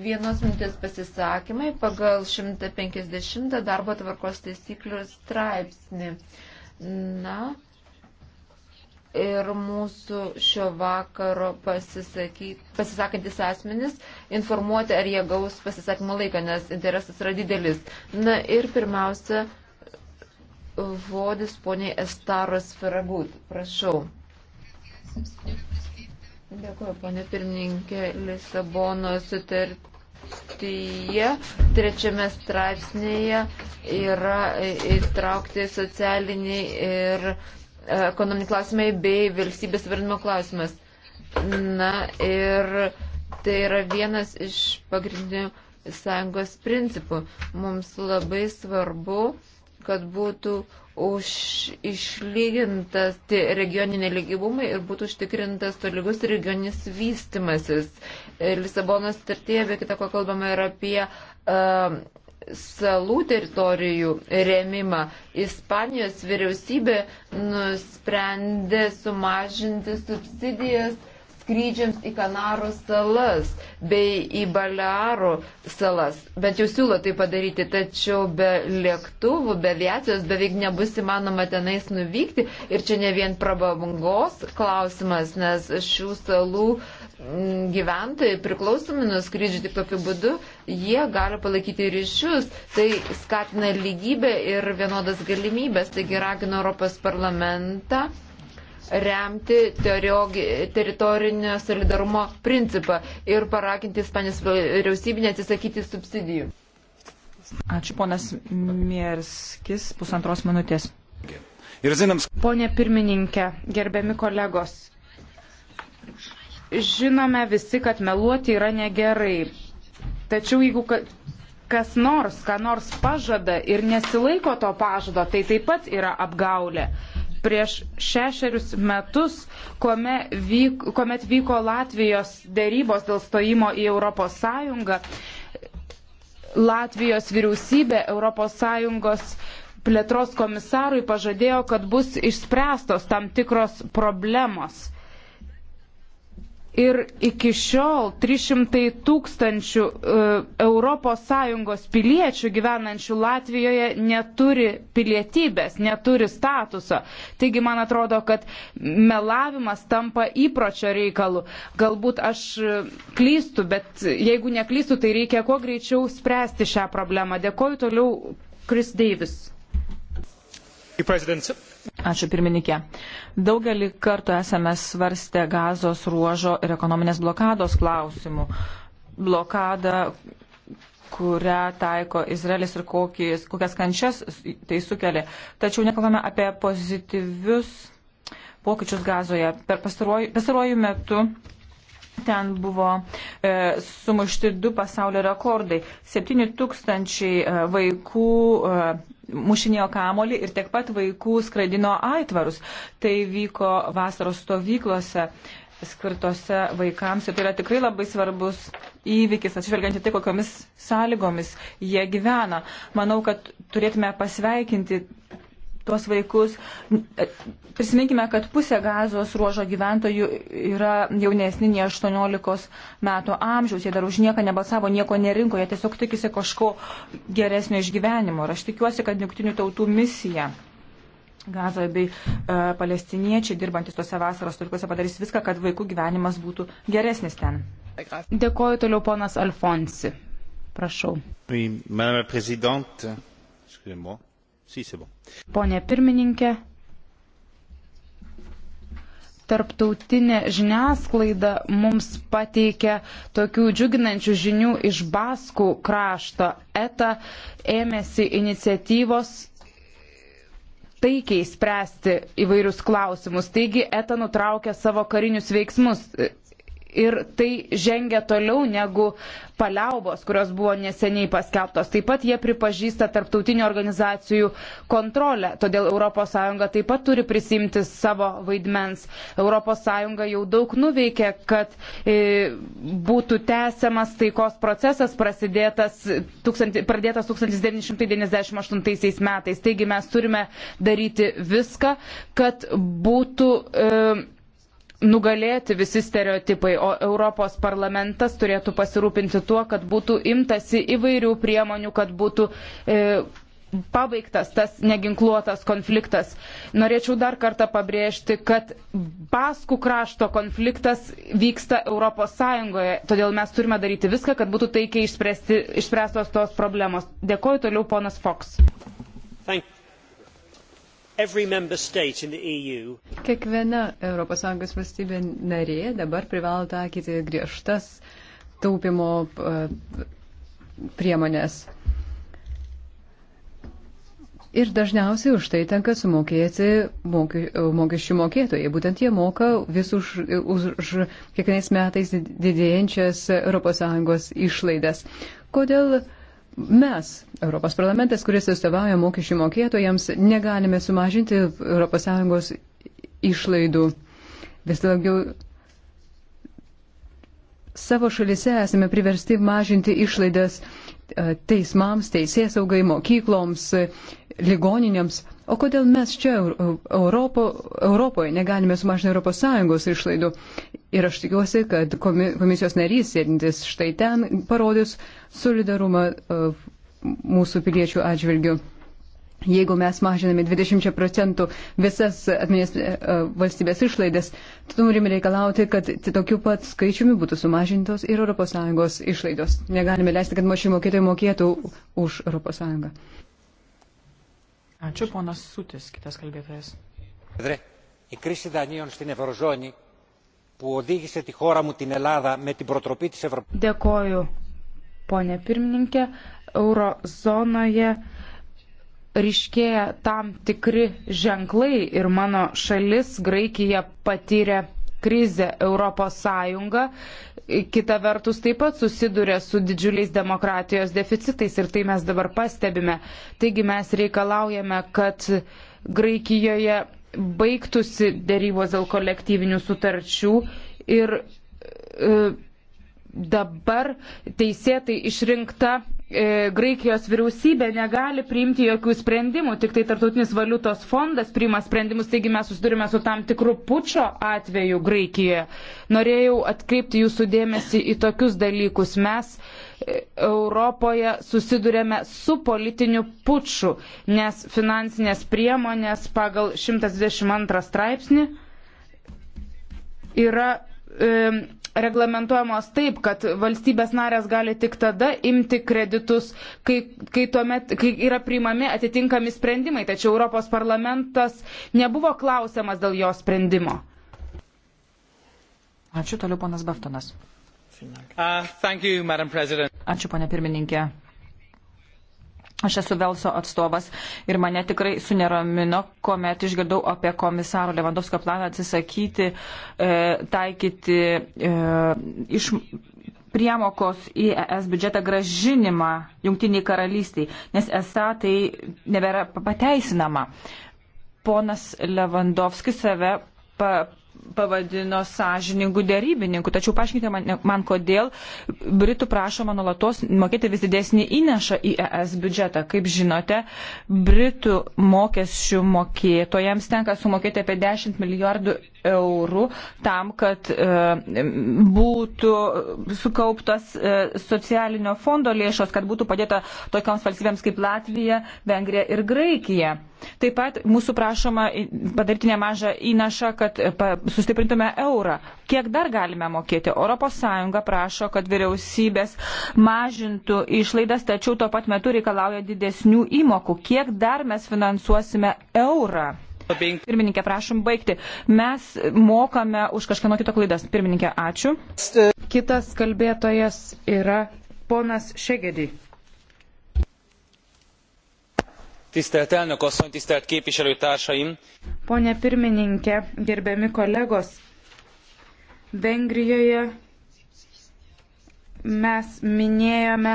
Vienos minutės pasisakymai pagal 150 darbo tvarkos taisyklių straipsnį. Na, ir mūsų šio vakaro pasisakantis asmenis informuoti, ar jie gaus pasisakymo laiką, nes interesas yra didelis. Na ir pirmiausia, vodis poniai Estaros Feragut. Prašau. Senora Dėkuoju, ponė pirmininkė, Lisabono sutartyje trečiame straipsnėje yra įtraukti socialiniai ir e, ekonominiai klausimai bei valstybės varnimo klausimas. Na ir tai yra vienas iš pagrindinių sąjungos principų. Mums labai svarbu, kad būtų uh, už išlygintas regioniniai lygybumai ir būtų užtikrintas tolygus regioninis vystimasis. Lisabonos startyje, be kita ko, kalbama ir apie uh, salų teritorijų rėmimą. Ispanijos vyriausybė nusprendė sumažinti subsidijas skrydžiams į Kanarų salas bei į Balearų salas. Bet jau siūlo tai padaryti, tačiau be lėktuvų, be aviacijos beveik nebus įmanoma tenais nuvykti. Ir čia ne vien prabangos klausimas, nes šių salų mm, gyventojai priklausomi nuo skrydžių tik tokiu būdu, jie gali palaikyti ryšius, tai skatina lygybę ir vienodas galimybės. Taigi raginu Europos parlamentą remti teritorinio solidarumo principą ir paraginti Ispanijos vyriausybinę atsisakyti subsidijų. Ačiū, ponas Mierskis, pusantros minutės. Pone pirmininkė, gerbiami kolegos, žinome visi, kad meluoti yra negerai. Tačiau jeigu kas nors, ką nors pažada ir nesilaiko to pažado, tai taip pat yra apgaulė prieš šešerius metus, kuomet vyko, kuomet vyko Latvijos dėrybos dėl stojimo į Europos Sąjungą, Latvijos vyriausybė Europos Sąjungos plėtros komisarui pažadėjo, kad bus išspręstos tam tikros problemos. Ir iki šiol 300 tūkstančių ES piliečių gyvenančių Latvijoje neturi pilietybės, neturi statuso. Taigi man atrodo, kad melavimas tampa įpročio reikalu. Galbūt aš e, klystu, bet jeigu neklystu, tai reikia kuo greičiau spręsti šią problemą. Dėkoju toliau, Chris Davis. President. Ačiū pirmininkė. Daugelį kartų esame svarstę gazos ruožo ir ekonominės blokados klausimų. Blokada, kurią taiko Izraelis ir kokias, kokias kančias tai sukelia. Tačiau nekalbame apie pozityvius pokyčius gazoje. Per pastaruoju metu ten buvo e, sumušti du pasaulio rekordai. 7 tūkstančiai e, vaikų. E, mušinėjo kamolį ir tiek pat vaikų skraidino aitvarus. Tai vyko vasaros stovyklose skirtose vaikams ir tai yra tikrai labai svarbus įvykis, atsižvelgiant į tai, kokiomis sąlygomis jie gyvena. Manau, kad turėtume pasveikinti tuos vaikus. Prisiminkime, kad pusė gazos ruožo gyventojų yra jaunesni nei 18 metų amžiaus. Jie dar už nieką nebalsavo, nieko nerinko, jie tiesiog tikisi kažko geresnio išgyvenimo. Ir aš tikiuosi, kad jungtinių tautų misija. Gazoje bei e, palestiniečiai dirbantis tose vasaros turkuose padarys viską, kad vaikų gyvenimas būtų geresnis ten. Dėkoju toliau ponas Alfonsi. Prašau. Oui, Sysimo. Pone pirmininkė, tarptautinė žiniasklaida mums pateikia tokių džiuginančių žinių iš Baskų krašto. ETA ėmėsi iniciatyvos taikiai spręsti įvairius klausimus. Taigi ETA nutraukė savo karinius veiksmus ir tai žengia toliau negu paliaubos, kurios buvo neseniai paskelbtos. Taip pat jie pripažįsta tarptautinių organizacijų kontrolę, todėl ES taip pat turi prisimti savo vaidmens. ES jau daug nuveikė, kad e, būtų tęsiamas taikos procesas prasidėtas, tūkstant, pradėtas 1998 metais. Taigi mes turime daryti viską, kad būtų. E, nugalėti visi stereotipai, o Europos parlamentas turėtų pasirūpinti tuo, kad būtų imtasi įvairių priemonių, kad būtų e, pabaigtas tas neginkluotas konfliktas. Norėčiau dar kartą pabrėžti, kad Baskų krašto konfliktas vyksta Europos Sąjungoje, todėl mes turime daryti viską, kad būtų taikiai išspręstos tos problemos. Dėkoju toliau, ponas Fox. Thank E Kiekviena ES valstybė narė dabar privalo taikyti griežtas taupimo e, priemonės. Ir dažniausiai už tai tenka sumokėti e, mokesčių mokėtojai. Būtent jie moka vis už, už, už kiekvienais metais didėjančias ES išlaidas. Kodėl uh, Mes, Europos parlamentas, kuris atstovauja mokesčių mokėtojams, negalime sumažinti ES išlaidų. Vis daugiau savo šalise esame priversti mažinti išlaidas e, teismams, teisėsaugai, mokykloms, ligoninėms. O kodėl mes čia Europo, Europoje negalime sumažinti ES išlaidų? Ir aš tikiuosi, kad komisijos narys, sėdintis štai ten, parodys solidarumą e, mūsų piliečių atžvilgių. Jeigu mes mažiname 20 procentų visas e, valstybės išlaidas, tai turime reikalauti, kad tokiu pat skaičiumi būtų sumažintos ir ES išlaidos. Negalime leisti, kad mašinų mokėtojai mokėtų už ES. Ačiū, ponas Sutis, kitas kalbėtojas που οδήγησε τη χώρα μου την Ελλάδα με την προτροπή της Ευρωπαϊκής. Dėkoju, ponė pirmininkė. Eurozonoje ryškėja tam tikri ženklai ir mano šalis, Graikija, patyrė krizę Europos Sąjungą. Kita vertus taip pat susiduria su didžiuliais demokratijos deficitais ir tai mes dabar pastebime. Taigi mes reikalaujame, kad Graikijoje baigtųsi dėrybos dėl kolektyvinių sutarčių ir e, dabar teisėtai išrinkta e, Graikijos vyriausybė negali priimti jokių sprendimų, tik tai Tartautinis valiutos fondas priima sprendimus, taigi mes susidurime su tam tikru pučio atveju Graikijoje. Norėjau atkreipti jūsų dėmesį į tokius dalykus. Mes e, Europoje susidurėme su politiniu puču, nes finansinės priemonės pagal 122 straipsnį yra e, reglamentuojamos taip, kad valstybės narės gali tik tada imti kreditus, kai, kai, tuomet, kai yra priimami atitinkami sprendimai, tačiau Europos parlamentas nebuvo klausiamas dėl jo sprendimo. Ačiū toliau, ponas Baftonas. Uh, Ačiū, ponė pirmininkė. Aš esu Velso atstovas ir mane tikrai suneramino, kuomet išgirdau apie komisaro Levandovskio planą atsisakyti, e, taikyti e, iš priemokos į ES biudžetą gražinimą Junktiniai karalystiai, nes esą tai nebėra pateisinama. Ponas Levandovskis save pa, pavadino sąžiningų dėrybininkų. Tačiau paaiškinkite man, man, kodėl Britų prašoma nuolatos mokėti vis didesnį įnešą į ES biudžetą. Kaip žinote, Britų mokesčių mokėtojams tenka sumokėti apie 10 milijardų eurų tam, kad e, būtų sukauptas e, socialinio fondo lėšos, kad būtų padėta tokioms valstybėms kaip Latvija, Vengrija ir Graikija. Taip pat mūsų prašoma padaryti nemažą įnašą, kad e, sustiprintume eurą. Kiek dar galime mokėti? ES prašo, kad vyriausybės mažintų išlaidas, tačiau tuo pat metu reikalauja didesnių įmokų. Kiek dar mes finansuosime eurą? Pirmininkė, prašom baigti. Mes mokame už kažkieno kito klaidas. Pirmininkė, ačiū. Kitas kalbėtojas yra ponas Šegedį. Tisztelt elnök asszony, tisztelt képviselőtársaim! Pone pirmininkė, gerbiami kolegos, Vengrijoje mes minėjome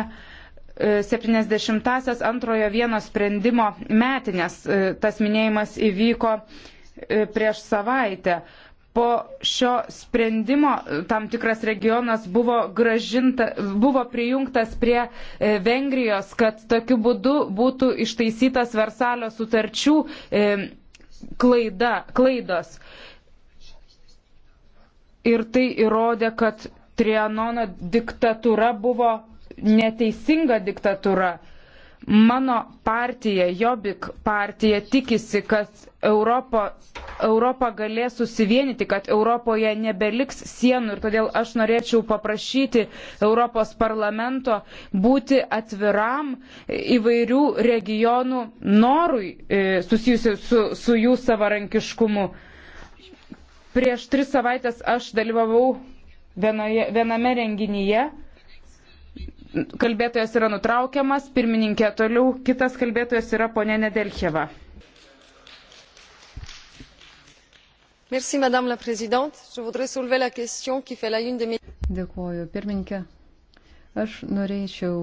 70-asias e, antrojo vieno sprendimo metinės. E, tas minėjimas įvyko e, prieš savaitę po šio sprendimo tam tikras regionas buvo, gražinta, buvo prijungtas prie e, Vengrijos, kad tokiu būdu būtų ištaisytas Versalio sutarčių e, klaida, klaidos. Ir tai įrodė, kad Trianono diktatūra buvo neteisinga diktatūra. Mano partija, Jobik partija, tikisi, kad Europa, Europa galės susivienyti, kad Europoje nebeliks sienų ir todėl aš norėčiau paprašyti Europos parlamento būti atviram įvairių regionų norui e, susijusiu su, su jų savarankiškumu. Prieš tris savaitės aš dalyvavau vienoje, viename renginyje Kalbėtojas yra nutraukiamas, pirmininkė toliau, kitas kalbėtojas yra ponė Nedelcheva. Merci, madame la présidente. Je voudrais soulever la question qui fait la une des médias. Dėkuoju, pirmininkė. Aš norėčiau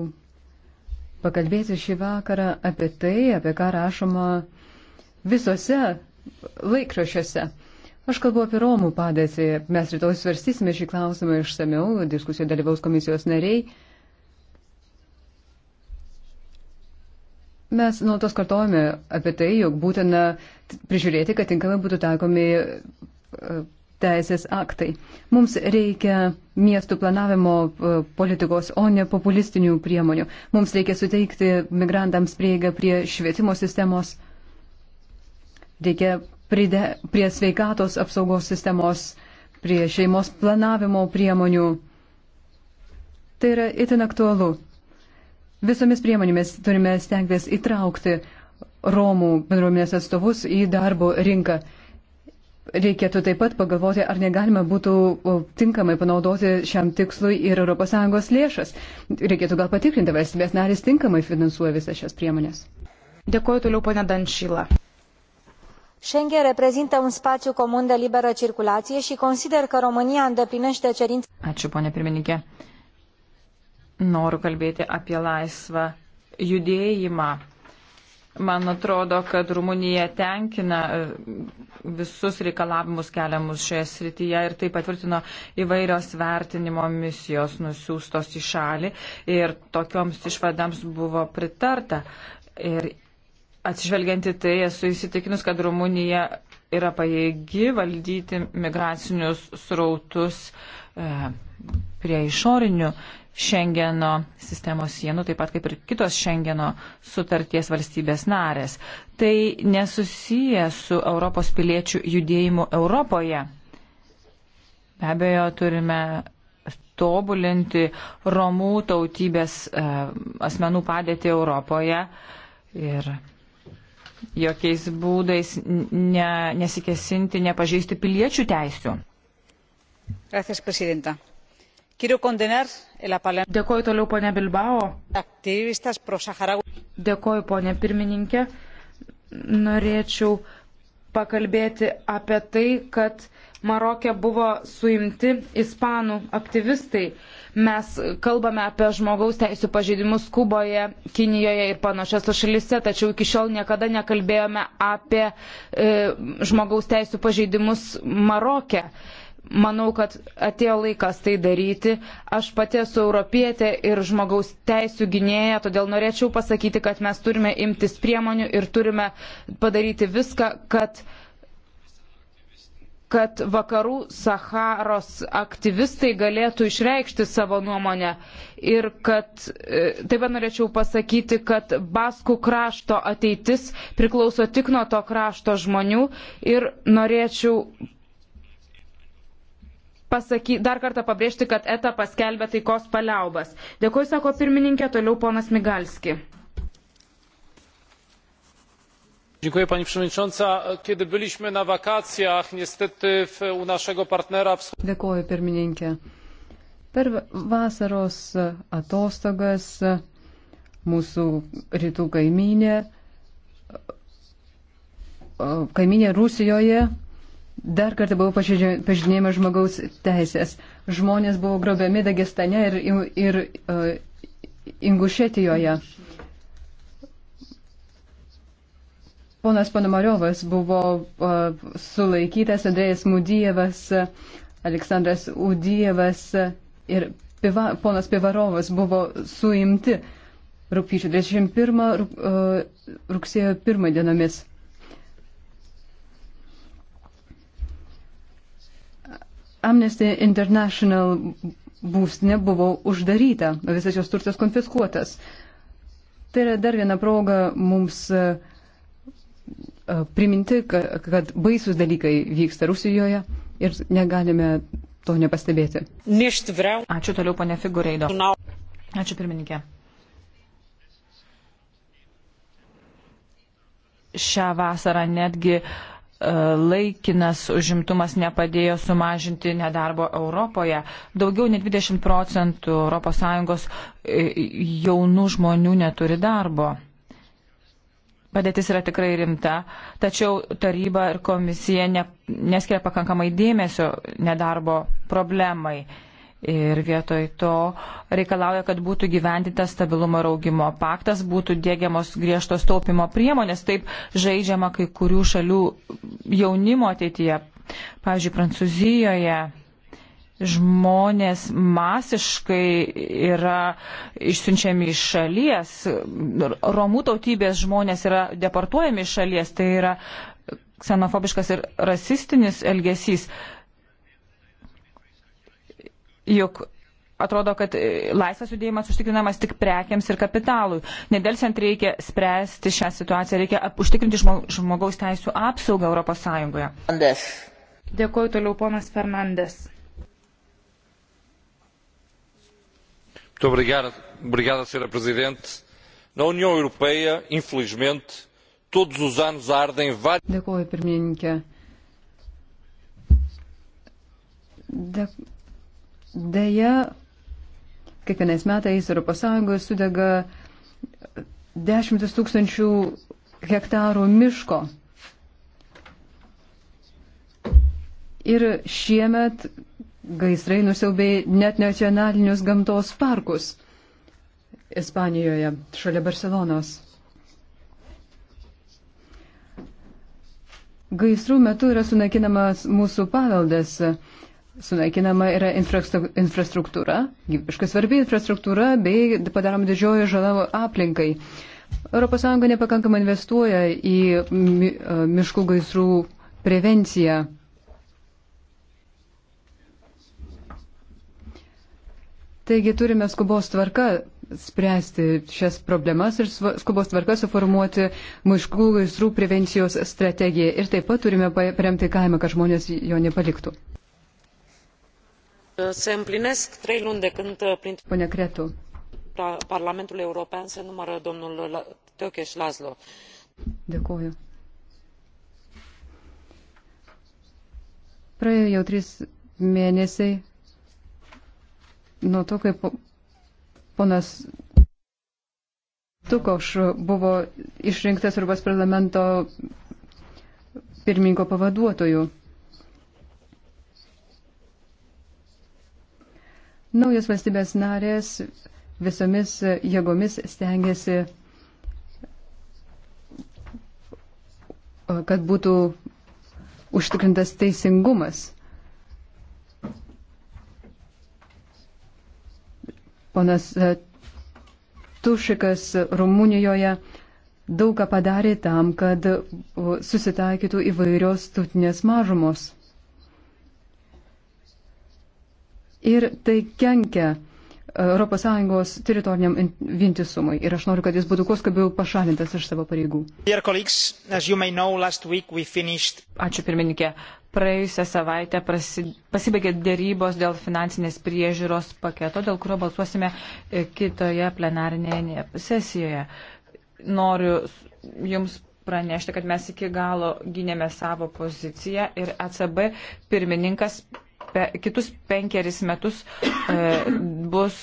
pakalbėti šį vakarą apie tai, apie ką rašoma visose laikrašiuose. Aš kalbu apie Romų padėtį. Mes rytoj svarstysime šį klausimą išsameu, diskusijoje dalyvaus komisijos nariai. Mes nuolatos kartojame apie tai, jog būtina prižiūrėti, kad tinkamai būtų taikomi e, teisės aktai. Mums reikia miestų planavimo e, politikos, o ne populistinių priemonių. Mums reikia suteikti migrantams prieigą prie švietimo sistemos, reikia pride, prie sveikatos apsaugos sistemos, prie šeimos planavimo priemonių. Tai yra itin aktualu. Visomis priemonėmis turime stengtis įtraukti Romų bendruomenės atstovus į darbo rinką. Reikėtų taip pat pagalvoti, ar negalima būtų tinkamai panaudoti šiam tikslui ir ES lėšas. Reikėtų gal patikrinti, valstybės narys tinkamai finansuoja visas šias priemonės. Dėkuoju toliau, ponė Danšyla. Schengen reprezintă un spațiu comun de liberă circulație și consider că România îndeplinește cerințe. Ačiū, ponė pirmininkė noriu kalbėti apie laisvą judėjimą. Man atrodo, kad Rumunija tenkina e, visus reikalavimus keliamus šioje srityje ir tai patvirtino įvairios vertinimo misijos nusiūstos į šalį ir tokioms išvadams buvo pritarta. Ir atsižvelgianti tai esu įsitikinus, kad Rumunija yra pajėgi valdyti migracinius srautus e, prie išorinių Šengeno sistemos sienų, taip pat kaip ir kitos Šengeno sutarties valstybės narės. Tai nesusiję su Europos piliečių judėjimu Europoje. Be abejo, turime tobulinti Romų tautybės e, asmenų padėti Europoje ir jokiais būdais ne, nesikesinti, nepažeisti piliečių teisių. Gracias, presidenta. Dėkoju toliau, ponė Bilbao. Dėkoju, ponė pirmininkė. Norėčiau pakalbėti apie tai, kad Marokė buvo suimti ispanų aktyvistai. Mes kalbame apie žmogaus teisų pažeidimus Kuboje, Kinijoje ir panašiose šalise, tačiau iki šiol niekada nekalbėjome apie e, žmogaus teisų pažeidimus Marokė. E, manau, kad atėjo laikas tai daryti. Aš pati esu europietė ir žmogaus teisų gynėja, todėl norėčiau pasakyti, kad mes turime imtis priemonių ir turime padaryti viską, kad, kad vakarų Saharos aktyvistai galėtų išreikšti savo nuomonę. Ir kad e, taip pat norėčiau pasakyti, kad Baskų krašto ateitis priklauso tik nuo to krašto žmonių ir norėčiau pasaky, dar kartą pabrėžti, kad ETA paskelbė taikos paliaubas. Dėkuoju, sako pirmininkė, toliau ponas Migalski. Dziękuję Pani Przewodnicząca. Kiedy byliśmy na wakacjach, niestety w, u naszego partnera... Dėkuoju, pirmininkė. Per vasaros atostogas mūsų rytų kaiminė, kaiminė Rusijoje Dar kartą buvo pažinėjama žmogaus teisės. Žmonės buvo grobiami Dagestane ir, ir uh, Ingušetijoje. Ponas Panamariovas buvo uh, sulaikytas, Andrėjas Mudievas, Aleksandras Udievas ir piva, ponas Pivarovas buvo suimti rūpyčio 31 rūp, uh, rugsėjo 1 dienomis. Amnesty International būstinė buvo uždaryta, visas jos turtas konfiskuotas. Tai yra dar viena proga mums e, e, priminti, kad baisus dalykai vyksta Rusijoje ir negalime to nepastebėti. Ačiū toliau, ponė Figureido. Ačiū pirmininkė. Šią vasarą netgi uh, E, laikinas užimtumas nepadėjo sumažinti nedarbo Europoje. Daugiau nei 20 procentų ES e, jaunų žmonių neturi darbo. Padėtis yra tikrai rimta, tačiau taryba ir komisija ne, neskiria pakankamai dėmesio nedarbo problemai ir vietoj to reikalauja, kad būtų gyventintas stabilumo ir augimo paktas, būtų dėgiamos griežtos taupimo priemonės, taip žaidžiama kai kurių šalių jaunimo ateityje. Pavyzdžiui, Prancūzijoje žmonės masiškai yra išsiunčiami iš šalies, romų tautybės žmonės yra deportuojami iš šalies, tai yra ksenofobiškas ir rasistinis elgesys juk atrodo, kad e, laisvas judėjimas užtikrinamas tik prekiams ir kapitalui. Nedelsiant reikia spręsti šią situaciją, reikia užtikrinti žmogaus teisų apsaugą Europos Sąjungoje. Andes. Dėkuoju toliau, ponas Fernandes. Obrigado, obrigado, Sra. Presidente. Na União Europeia, infelizmente, todos os anos ardem vários. Dėkuoju, pirmininkė. Dėkuoju. Deja, kiekvienais metais ES sudega dešimtis tūkstančių hektarų miško. Ir šiemet gaisrai nusiaubė net nacionalinius gamtos parkus Ispanijoje, šalia Barcelonos. Gaisrų metu yra sunaikinamas mūsų paveldas, sunaikinama yra infrastruktūra, gyviškai svarbi infrastruktūra, bei padaroma didžioji žala aplinkai. ES nepakankamai investuoja į e, miškų gaisrų prevenciją. Taigi turime skubos tvarka spręsti šias problemas ir skubos tvarka suformuoti miškų gaisrų prevencijos strategiją. Ir taip pat turime paremti kaimą, kad žmonės jo nepaliktų. Uh, se împlinesc trei luni de când uh, prin parlamentul european se numără domnul tkes laszlo. Dėkuoju. Praėjo jau trys mėnesiai nuo to, kai ponas Tukoš buvo išrinktas Europos parlamento pirmininko pavaduotojų. Naujos valstybės narės visomis jėgomis stengiasi, kad būtų užtikrintas teisingumas. Ponas Tušikas Rumunijoje daug ką padarė tam, kad susitaikytų įvairios tautinės mažumos. ir tai kenkia ES teritoriniam vientisumui ir aš noriu, kad jis būtų kuo skubiau pašalintas iš savo pareigų. Ačiū pirmininkė. Praėjusią savaitę prasi... pasibaigė dėrybos dėl finansinės priežiūros paketo, dėl kurio balsuosime e, kitoje plenarinėje sesijoje. Noriu Jums pranešti, kad mes iki galo gynėme savo poziciją ir ECB pirmininkas pe, kitus penkeris metus e, bus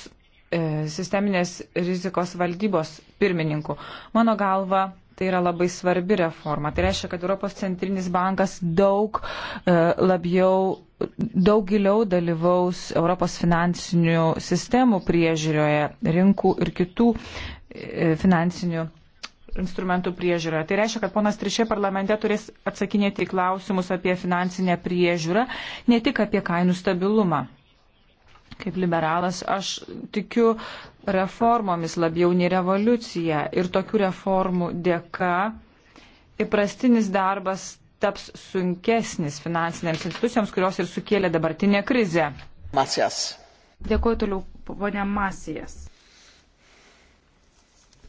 e, sisteminės rizikos valdybos pirmininku. Mano galva, tai yra labai svarbi reforma. Tai reiškia, kad Europos centrinis bankas daug e, labiau, daug giliau dalyvaus Europos finansinių sistemų priežiūroje, rinkų ir kitų e, finansinių instrumentų priežiūroje. Tai reiškia, kad ponas Trišė parlamente turės atsakinėti į klausimus apie finansinę priežiūrą, ne tik apie kainų stabilumą. Kaip liberalas, aš tikiu reformomis labiau nei revoliucija ir tokių reformų dėka įprastinis darbas taps sunkesnis finansinėms institucijoms, kurios ir sukėlė dabartinę krizę. Masijas. Dėkuoju toliau, ponia Masijas.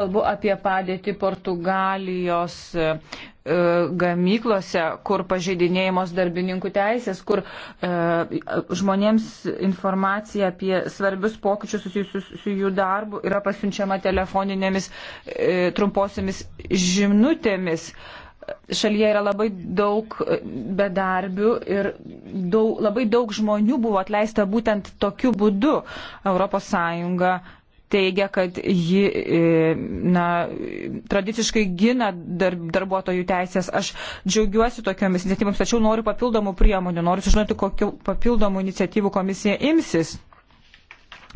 Kalbu apie padėtį Portugalijos e, e gamyklose, kur pažeidinėjimos darbininkų teisės, kur e, žmonėms informacija apie svarbius pokyčius susijusius su jų darbu yra pasiunčiama telefoninėmis e, trumposiamis žinutėmis. Šalyje yra labai daug e, bedarbių ir daug, labai daug žmonių buvo atleista būtent tokiu būdu. ES teigia, kad ji e, na, tradiciškai gina dar, darbuotojų teisės. Aš džiaugiuosi tokiomis iniciatyvomis, tačiau noriu papildomų priemonių, noriu sužinoti, kokiu papildomų iniciatyvų komisija imsis.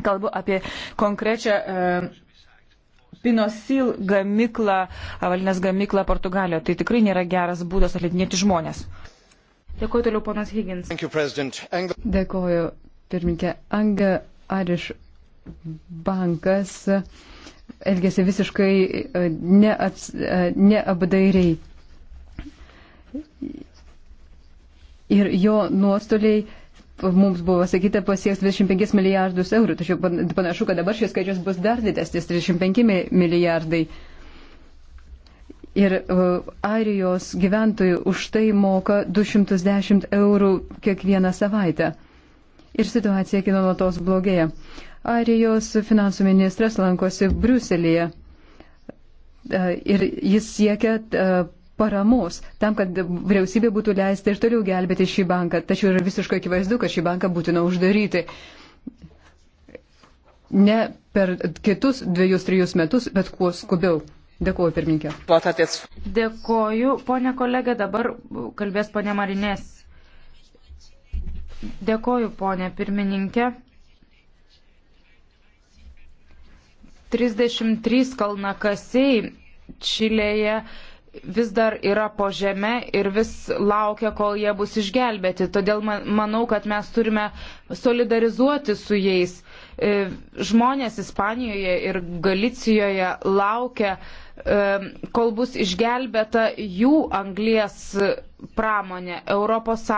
Kalbu apie konkrečią. E, Pinosil gamyklą, avalinės gamyklą Portugalijoje. Tai tikrai nėra geras būdas atleidinėti žmonės. Dėkuoju toliau, ponas Higgins. You, Dėkuoju, pirmininkė. Anga Ariš bankas elgėsi visiškai neaps, neapdairiai. E, Ir jo nuostoliai mums buvo sakyta pasieks 25 milijardus eurų, tačiau panašu, kad dabar šis skaičius bus dar didesnis - 35 milijardai. Ir uh, airijos gyventojų už tai moka 210 eurų kiekvieną savaitę ir situacija kinolatos blogėja. Arijos finansų ministras lankosi Briuselėje e, ir jis siekia e, paramos tam, kad vyriausybė būtų leista ir toliau gelbėti šį banką. Tačiau yra visiškai akivaizdu, kad šį banką būtina uždaryti. Ne per kitus dviejus, trijus metus, bet kuo skubiau. Dėkuoju, pirmininkė. Platatės. Dėkuoju, ponė kolega, dabar kalbės ponė Marinės. Dėkoju, ponė pirmininkė. 33 kalnakasiai Čilėje vis dar yra po žeme ir vis laukia, kol jie bus išgelbėti. Todėl manau, kad mes turime solidarizuoti su jais. E, žmonės Ispanijoje ir Galicijoje laukia, e, kol bus išgelbėta jų anglies pramonė. ES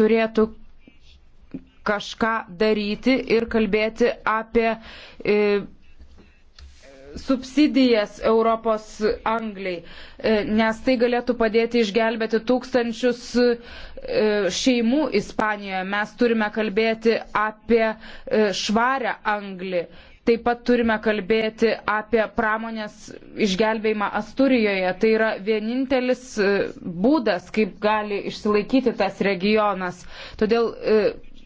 turėtų kažką daryti ir kalbėti apie e, subsidijas Europos Angliai, e, nes tai galėtų padėti išgelbėti tūkstančius e, šeimų Ispanijoje. Mes turime kalbėti apie e, švarę Anglį. Taip pat turime kalbėti apie pramonės išgelbėjimą Asturijoje. Tai yra vienintelis e, būdas, kaip gali išsilaikyti tas regionas. Todėl e,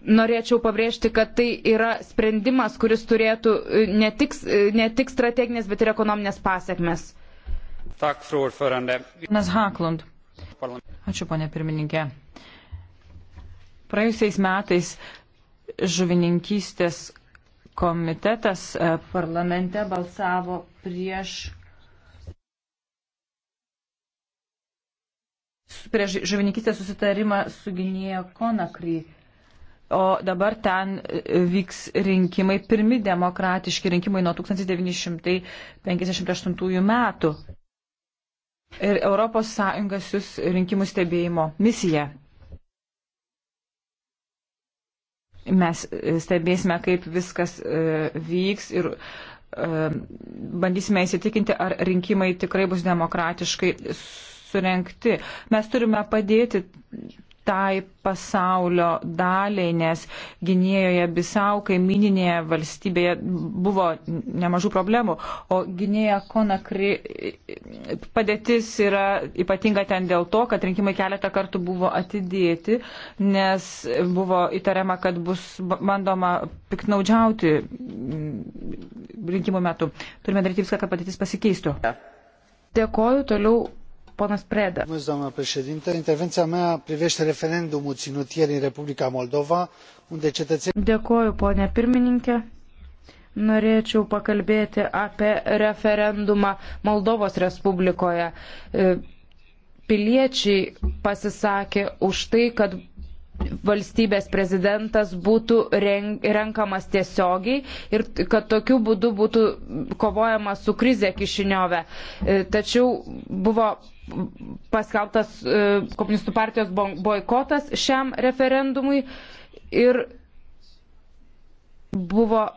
norėčiau pabrėžti, kad tai yra sprendimas, kuris turėtų e, ne tik, e, ne tik strateginės, bet ir ekonominės pasiekmes. Ačiū, ponė pirmininkė. Praėjusiais metais žuvininkystės komitetas e, parlamente balsavo prieš prieš žuvininkystės susitarimą su Gynėjo Konakry o dabar ten e, vyks rinkimai, pirmi demokratiški rinkimai nuo 1958 metų. Ir Europos Sąjungas jūs rinkimų stebėjimo misija. Mes e, stebėsime, kaip viskas e, vyks ir bandysime įsitikinti, ar rinkimai tikrai bus demokratiškai surenkti. Mes turime padėti tai pasaulio daliai, nes Gynėjoje Bisau kaimininėje valstybėje buvo nemažų problemų, o Gynėja Konakri padėtis yra ypatinga ten dėl to, kad rinkimai keletą kartų buvo atidėti, nes buvo įtariama, kad bus bandoma piknaudžiauti rinkimų metu. Turime daryti viską, kad padėtis pasikeistų. Dėkoju toliau Ponas Preda. Intervencija mea privește referendumul ținut ieri în Republica Moldova, unde cetățenii. Dėkoju, ponė pirmininkė. Norėčiau pakalbėti apie referendumą Moldovos Respublikoje e, piliečiai pasisakė už tai, kad valstybės prezidentas būtų renkamas tiesiogiai ir kad tokiu būdu būtų kovojama su krize Kišiniove. E, tačiau buvo paskelbtas e, komunistų partijos boikotas šiam referendumui ir buvo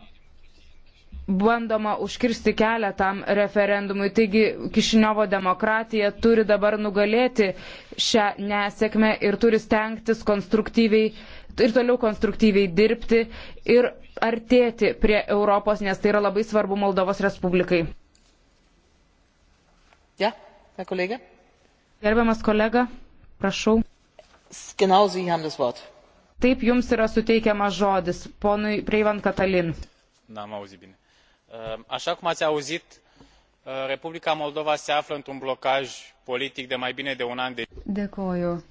bandoma užkirsti kelią tam referendumui. Taigi Kišiniovo demokratija turi dabar nugalėti šią nesėkmę ir turi stengtis konstruktyviai ir toliau konstruktyviai dirbti ir artėti prie Europos, nes tai yra labai svarbu Moldovos Respublikai. Ja, Herr Kollege. Gerbiamas kolega, prašau. Genau, Sie haben das Wort. Taip, jums yra suteikiamas žodis, ponui Preivan Katalin n am auzit bine. Ehm, așa cum ați auzit ehm, republica moldova se află într un blocaj politic de mai bine de un an de Dėkoju.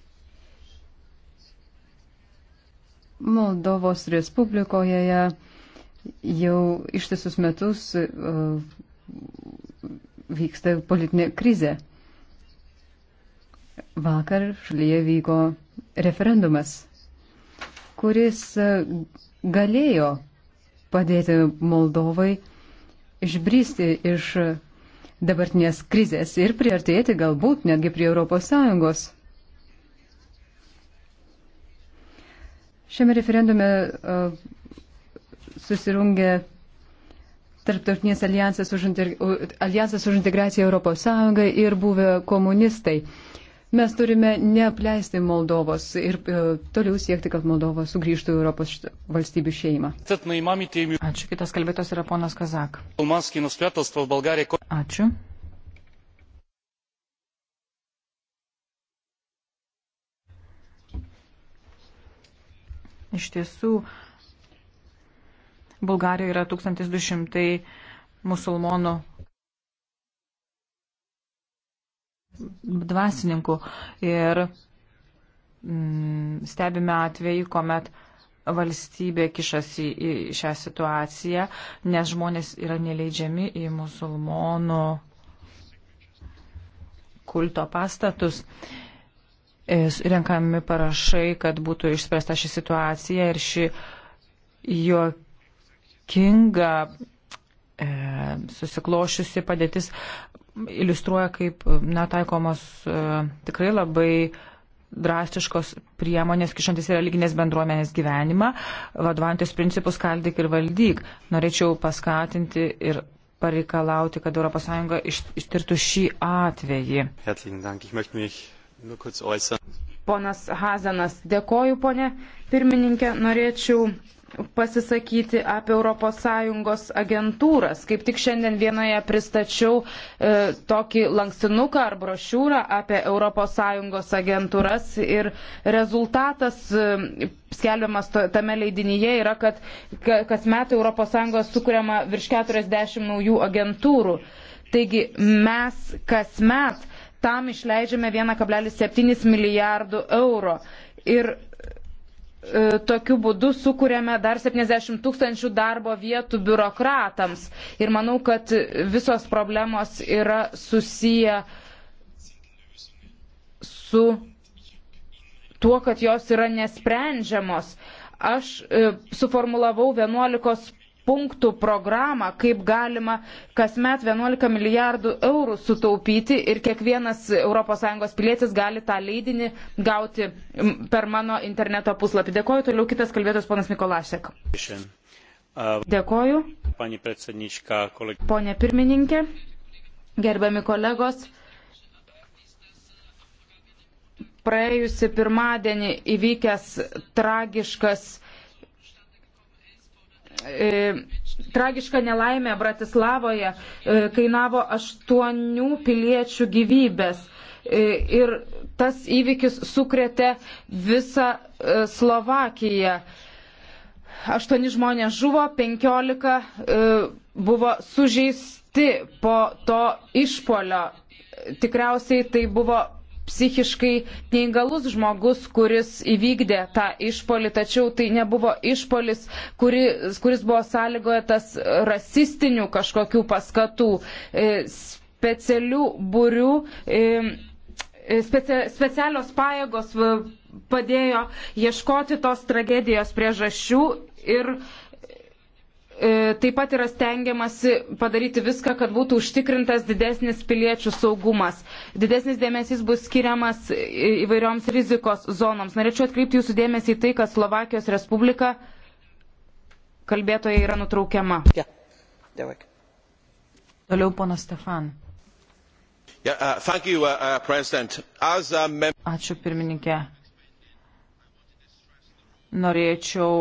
Moldovos Respublikoje jau e, ištisus metus e, vyksta politinė krizė. Vakar šalyje vyko referendumas, kuris e, galėjo padėti Moldovai išbristi iš dabartinės krizės ir priartėti galbūt netgi prie ES. Šiame referendume susirungė Tarptautinės alijansas už, alijansas už integraciją Europos Sąjungą ir buvę komunistai. Mes turime neapleisti Moldovos ir e, toliau siekti, kad Moldova sugrįžtų į Europos valstybių šeimą. Ačiū. Kitas kalbėtos yra ponas Kazak. Ačiū. Iš tiesų, Bulgarijoje yra 1200 musulmonų dvasininkų. Ir mm, stebime atvejį, kuomet valstybė kišasi į šią situaciją, nes žmonės yra neleidžiami į musulmonų kulto pastatus. Renkami parašai, kad būtų išspręsta ši situacija ir ši juokinga e, susiklošiusi padėtis iliustruoja, kaip netaikomos e, tikrai labai drastiškos priemonės kišantis į religinės bendruomenės gyvenimą, vadovantis principus kaldyk ir valdyk. Norėčiau paskatinti ir pareikalauti, kad ES ištirtų šį atvejį. Ponas Hazanas, dėkoju, ponė pirmininkė, norėčiau pasisakyti apie ES agentūras. Kaip tik šiandien vienoje pristačiau e, tokį lankstinuką ar brošiūrą apie ES agentūras ir rezultatas e, skelbiamas to, tame leidinyje yra, kad ka, kas metai ES sukuriama virš 40 naujų agentūrų. Taigi mes kasmet tam išleidžiame 1,7 milijardų eurų. Ir E, tokiu būdu sukūrėme dar 70 tūkstančių darbo vietų biurokratams. Ir manau, kad visos problemos yra susiję su tuo, kad jos yra nesprendžiamos. Aš e, suformulavau 11 punktų programą, kaip galima kasmet 11 milijardų eurų sutaupyti ir kiekvienas ES pilietis gali tą leidinį gauti per mano interneto puslapį. Dėkoju, toliau kitas kalbėtojas ponas Mikolašek. Dėkoju. Pone pirmininkė, gerbiami kolegos. Praėjusi pirmadienį įvykęs tragiškas E, tragiška nelaimė Bratislavoje e, kainavo aštuonių piliečių gyvybės. E, ir tas įvykis sukrėtė visą Slovakiją. Aštuoni žmonės žuvo, penkiolika buvo sužeisti po to išpolio. Tikriausiai tai buvo psichiškai neįgalus žmogus, kuris įvykdė tą išpolį, tačiau tai nebuvo išpolis, kuris, kuris buvo sąlygojatas rasistinių kažkokių paskatų, e, specialių būrių, e, e, specia, specialios pajėgos padėjo ieškoti tos tragedijos priežasčių ir E, taip pat yra stengiamasi padaryti viską, kad būtų užtikrintas didesnis piliečių saugumas. Didesnis dėmesys bus skiriamas įvairioms rizikos zonoms. Norėčiau atkreipti jūsų dėmesį į tai, kad Slovakijos Respublika kalbėtoje yra nutraukiama. Ja. Toliau ponas Stefan. Yeah, uh, you, uh, uh As, uh, Ačiū pirmininkė. Norėčiau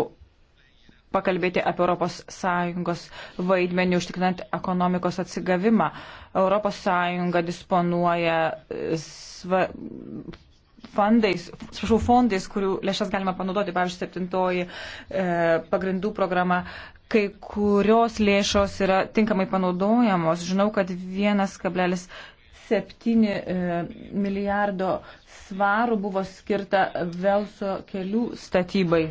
pakalbėti apie ES vaidmenį užtikrinant ekonomikos atsigavimą. ES disponuoja e, sva, fondais, prašau, fondais, kurių lėšas galima panaudoti, pavyzdžiui, septintoji e, pagrindų programa, kai kurios lėšos yra tinkamai panaudojamos. Žinau, kad 1,7 e, milijardo svarų buvo skirta Velso kelių statybai.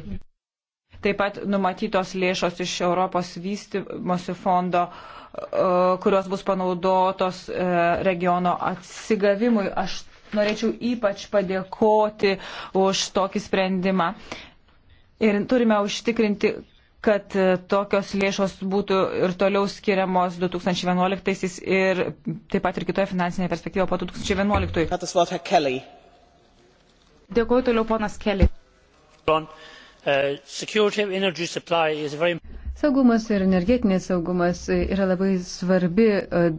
Taip pat numatytos lėšos iš Europos vystimosi fondo, e, kurios bus panaudotos e, regiono atsigavimui. Aš norėčiau ypač padėkoti už tokį sprendimą. Ir turime užtikrinti, kad e, tokios lėšos būtų ir toliau skiriamos 2011 ir taip pat ir kitoje finansinėje perspektyvoje po 2011. Dėkuoju toliau, ponas Kelly. Uh, saugumas ir energetinės saugumas yra labai svarbi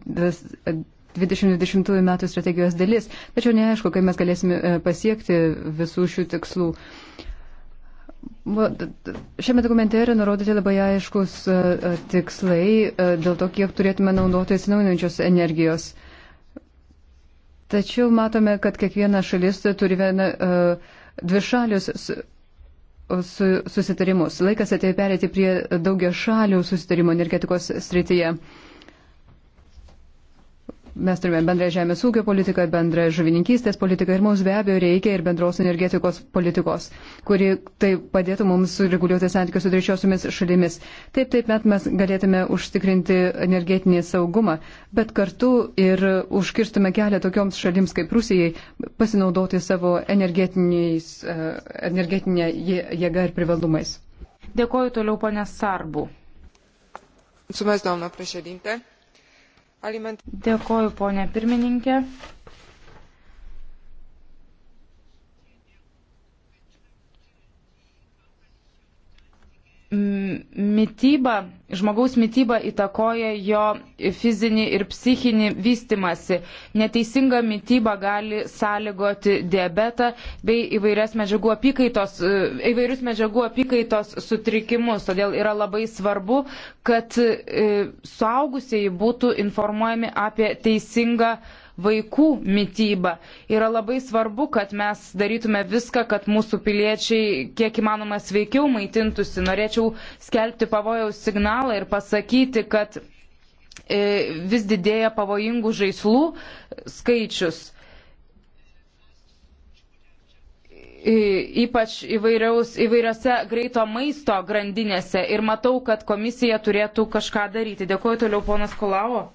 2020 uh, uh, metų strategijos dalis, tačiau neaišku, kai mes galėsime pasiekti visų šių tikslų. Šiame dokumente yra nurodyti labai aiškus tikslai dėl to, kiek turėtume naudoti atsinaujinančios energijos. Tačiau matome, kad kiekviena šalis turi vieną dvišalius su, susitarimus. Laikas atėjo perėti prie daugia šalių susitarimo energetikos srityje. Mes turime bendrą žemės ūkio politiką, bendrą žuvininkystės politiką ir mums be abejo reikia ir bendros energetikos politikos, kuri tai padėtų mums reguliuoti santykius su trečiosiomis šalimis. Taip, taip met mes galėtume užtikrinti energetinį saugumą, bet kartu ir užkirstume kelią tokioms šalims kaip Rusijai pasinaudoti savo e, energetinė jėga ir privaldumais. Dėkoju toliau ponė Sarbu. Mulțumesc, doamnă președinte alimentų. Dėkoju, ponė pirmininkė. mytyba, žmogaus mytyba įtakoja jo fizinį ir psichinį vystimasi. Neteisinga mytyba gali sąlygoti diabetą bei medžiagų apykaitos, e, įvairius medžiagų apykaitos sutrikimus. Todėl yra labai svarbu, kad e, suaugusieji būtų informuojami apie teisingą vaikų mytybą. Yra labai svarbu, kad mes darytume viską, kad mūsų piliečiai kiek įmanoma sveikiau maitintųsi. Norėčiau skelbti pavojaus signalą ir pasakyti, kad e, vis didėja pavojingų žaislų skaičius. E, ypač įvairiose greito maisto grandinėse ir matau, kad komisija turėtų kažką daryti. Dėkuoju toliau, ponas Kolavo.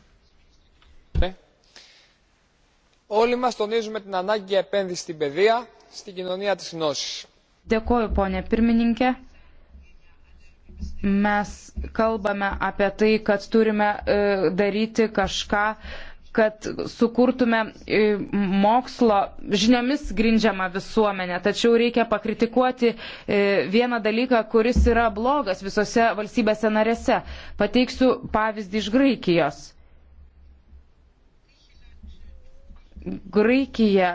Όλοι μας τονίζουμε την ανάγκη για επένδυση στην παιδεία, στην κοινωνία της γνώσης. Dėkoju, ponė pirmininkė. Mes kalbame apie tai, kad turime e, daryti kažką, kad sukurtume e, mokslo žiniomis grindžiamą visuomenę. Tačiau reikia pakritikuoti e, vieną dalyką, kuris yra blogas visose valstybėse narėse. Pateiksiu pavyzdį iš Graikijos. Graikija.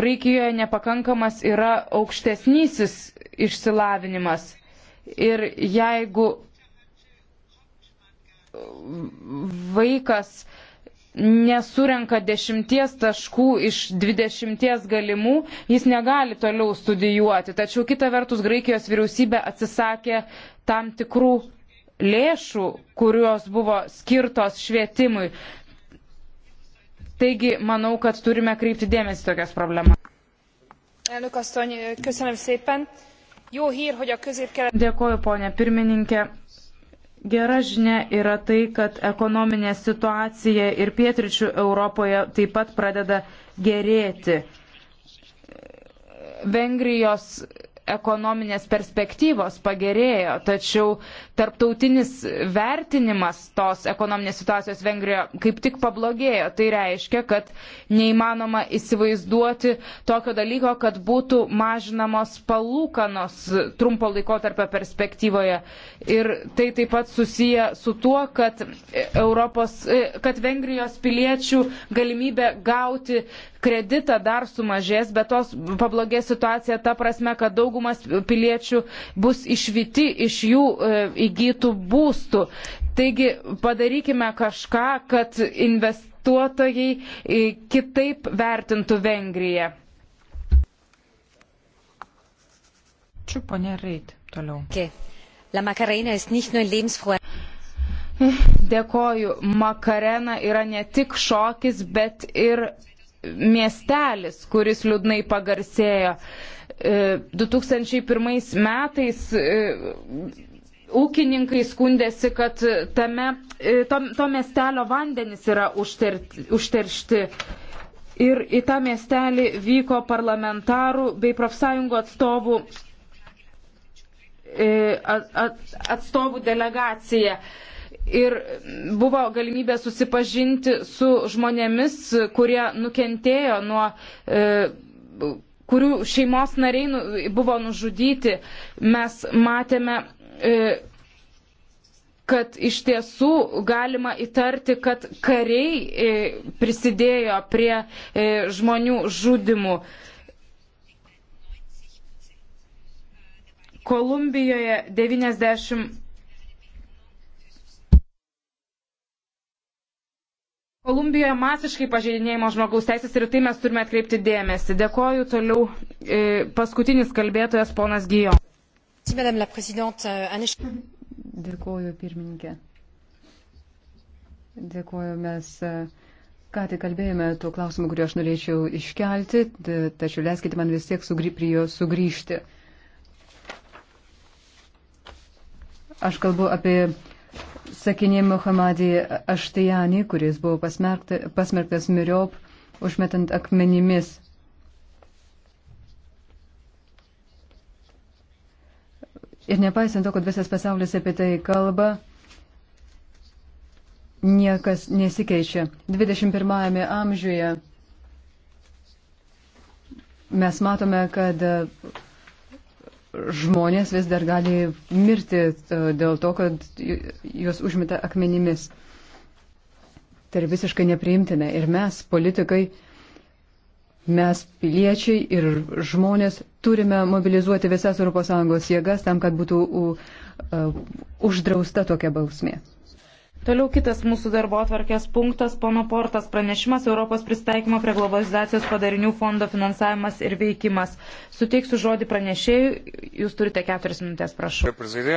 Graikijoje nepakankamas yra aukštesnysis išsilavinimas. Ir jeigu vaikas nesurenka dešimties taškų iš dvidešimties galimų, jis negali toliau studijuoti. Tačiau kita vertus Graikijos vyriausybė atsisakė tam tikrų lėšų, kurios buvo skirtos švietimui. Taigi, manau, kad turime kreipti dėmesį tokias problemas. Dėkoju, ponė pirmininkė. Gera žinia yra tai, kad ekonominė situacija ir pietričių Europoje taip pat pradeda gerėti. Vengrijos ekonominės perspektyvos pagerėjo, tačiau tarptautinis vertinimas tos ekonominės situacijos Vengrijoje kaip tik pablogėjo. Tai reiškia, kad neįmanoma įsivaizduoti tokio dalyko, kad būtų mažinamos palūkanos trumpo laikotarpio perspektyvoje. Ir tai taip pat susiję su tuo, kad, Europos, kad Vengrijos piliečių galimybė gauti kreditą dar sumažės, bet tos pablogės situacija ta prasme, kad daug daugumas piliečių bus išvyti iš jų e, įgytų būstų. Taigi padarykime kažką, kad investuotojai e, kitaip vertintų Vengriją. Ačiū, ponė Reit, toliau. La Macarena ist nicht nur ein lebensfroher. Dėkoju. Makarena yra ne tik šokis, bet ir miestelis, kuris liūdnai pagarsėjo. 2001 e, metais e, ūkininkai skundėsi, kad tame, e, to, to miestelio vandenys yra užterti, užteršti. Ir į tą miestelį vyko parlamentarų bei profsąjungų atstovų, atstovų delegacija ir buvo galimybė susipažinti su žmonėmis, kurie nukentėjo nuo e, kurių šeimos nariai nu, buvo nužudyti, mes matėme, e, kad iš tiesų galima įtarti, kad kariai e, prisidėjo prie e, žmonių žudimų. Kolumbijoje 90 Kolumbijoje masiškai pažeidinėjimo žmogaus teisės ir tai mes turime atkreipti dėmesį. Dėkoju toliau e, paskutinis kalbėtojas ponas Gijo. Euh, Dėkoju pirmininkė. Dėkoju mes. E, ką tik kalbėjome tuo klausimu, kurį aš norėčiau iškelti, tačiau leiskite man vis tiek sugrį, prie jo sugrįžti. Aš kalbu apie sakinė Muhammadį Aštijani, kuris buvo pasmerktas miriop, užmetant akmenimis. Ir nepaisant to, kad visas pasaulis apie tai kalba, niekas nesikeičia. 21 amžiuje mes matome, kad žmonės vis dar gali mirti e, dėl to, kad juos užmeta akmenimis. Tai yra visiškai nepriimtina. Ir mes, politikai, mes, piliečiai ir žmonės, turime mobilizuoti visas ES jėgas tam, kad būtų e, uždrausta tokia bausmė. Toliau kitas mūsų darbo atvarkės punktas, pono Portas pranešimas Europos pristaikymo prie globalizacijos padarinių fondo finansavimas ir veikimas. Suteiksiu žodį pranešėjui, jūs turite keturias minutės, prašau.